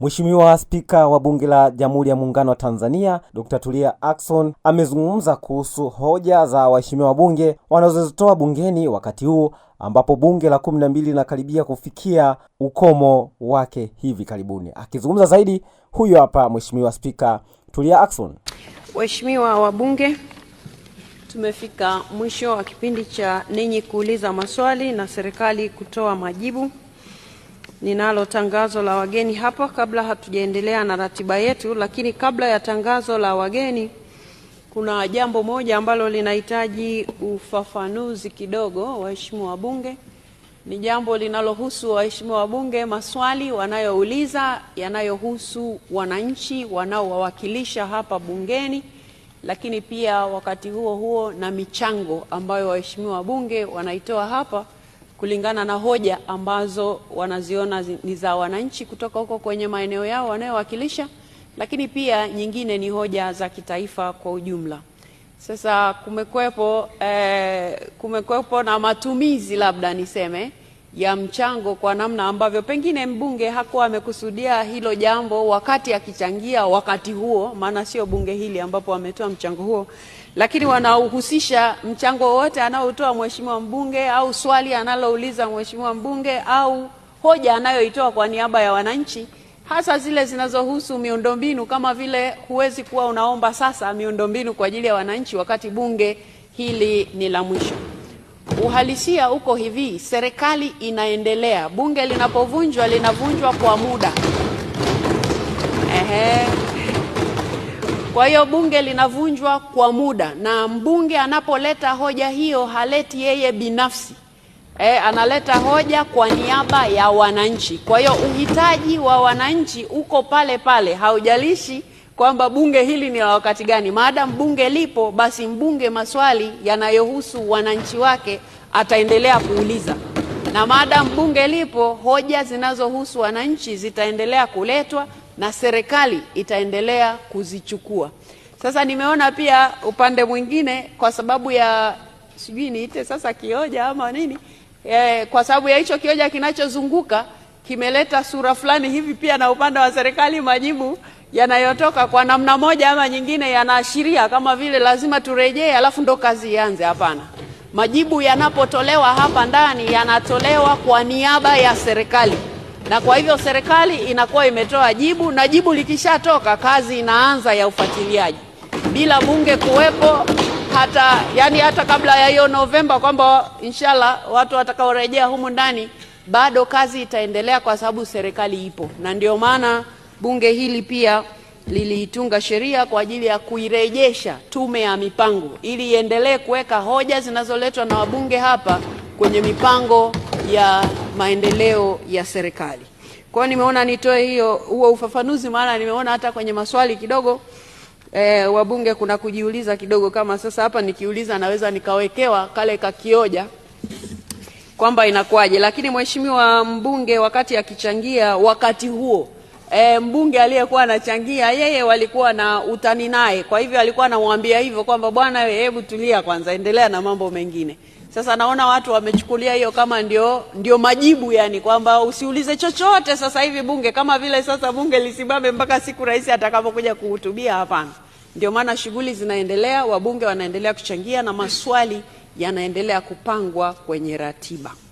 Mheshimiwa Spika wa Bunge la Jamhuri ya Muungano wa Tanzania Dr. Tulia Ackson amezungumza kuhusu hoja za waheshimiwa wabunge wanazozitoa bungeni wakati huu ambapo bunge la kumi na mbili linakaribia kufikia ukomo wake hivi karibuni. Akizungumza zaidi, huyu hapa Mheshimiwa Spika Tulia Ackson. Waheshimiwa wabunge, tumefika mwisho wa kipindi cha ninyi kuuliza maswali na serikali kutoa majibu. Ninalo tangazo la wageni hapa kabla hatujaendelea na ratiba yetu, lakini kabla ya tangazo la wageni, kuna jambo moja ambalo linahitaji ufafanuzi kidogo, waheshimiwa wabunge. Ni jambo linalohusu waheshimiwa wabunge, maswali wanayouliza yanayohusu wananchi wanaowawakilisha hapa bungeni, lakini pia wakati huo huo na michango ambayo waheshimiwa wabunge wanaitoa hapa kulingana na hoja ambazo wanaziona ni za wananchi kutoka huko kwenye maeneo yao wanayowakilisha, lakini pia nyingine ni hoja za kitaifa kwa ujumla. Sasa kumekwepo, eh, kumekwepo na matumizi labda niseme ya mchango kwa namna ambavyo pengine mbunge hakuwa amekusudia hilo jambo wakati akichangia wakati huo, maana sio bunge hili ambapo ametoa mchango huo, lakini wanauhusisha mchango wote anaotoa mheshimiwa mbunge au swali analouliza mheshimiwa mbunge au hoja anayoitoa kwa niaba ya wananchi, hasa zile zinazohusu miundombinu. Kama vile huwezi kuwa unaomba sasa miundombinu kwa ajili ya wananchi wakati bunge hili ni la mwisho. Uhalisia uko hivi, serikali inaendelea, bunge linapovunjwa linavunjwa kwa muda. Ehe. Kwa hiyo bunge linavunjwa kwa muda, na mbunge anapoleta hoja hiyo haleti yeye binafsi e, analeta hoja kwa niaba ya wananchi. Kwa hiyo uhitaji wa wananchi uko pale pale, haujalishi kwamba bunge hili ni la wakati gani. Maadamu bunge lipo, basi mbunge maswali yanayohusu wananchi wake ataendelea kuuliza, na maadamu bunge lipo, hoja zinazohusu wananchi zitaendelea kuletwa na serikali itaendelea kuzichukua. Sasa nimeona pia upande mwingine, kwa sababu ya sijui niite sasa kioja ama nini e, kwa sababu ya hicho kioja kinachozunguka kimeleta sura fulani hivi pia na upande wa serikali majibu yanayotoka kwa namna moja ama nyingine yanaashiria kama vile lazima turejee, alafu ndo kazi ianze. Hapana, majibu yanapotolewa hapa ndani yanatolewa kwa niaba ya serikali, na kwa hivyo serikali inakuwa imetoa jibu, na jibu likishatoka, kazi inaanza ya ufuatiliaji bila bunge kuwepo hata yani, hata kabla ya hiyo Novemba, kwamba inshallah watu watakaorejea humu ndani, bado kazi itaendelea kwa sababu serikali ipo, na ndio maana Bunge hili pia liliitunga sheria kwa ajili ya kuirejesha Tume ya Mipango ili iendelee kuweka hoja zinazoletwa na wabunge hapa kwenye mipango ya maendeleo ya serikali. Kwa hiyo nimeona nitoe hiyo huo ufafanuzi, maana nimeona hata kwenye maswali kidogo e, wabunge kuna kujiuliza kidogo, kama sasa hapa nikiuliza naweza nikawekewa kale kakioja kwamba inakuwaje. Lakini mheshimiwa mbunge wakati akichangia wakati huo e, mbunge aliyekuwa anachangia yeye walikuwa na utani naye, kwa hivyo alikuwa anamwambia hivyo kwamba bwana, hebu tulia kwanza, endelea na mambo mengine. Sasa naona watu wamechukulia hiyo kama ndio, ndio majibu yani, kwamba usiulize chochote sasa hivi bunge, kama vile sasa bunge lisimame mpaka siku rais atakapokuja kuhutubia. Hapana, ndio maana shughuli zinaendelea, wabunge wanaendelea kuchangia na maswali yanaendelea kupangwa kwenye ratiba.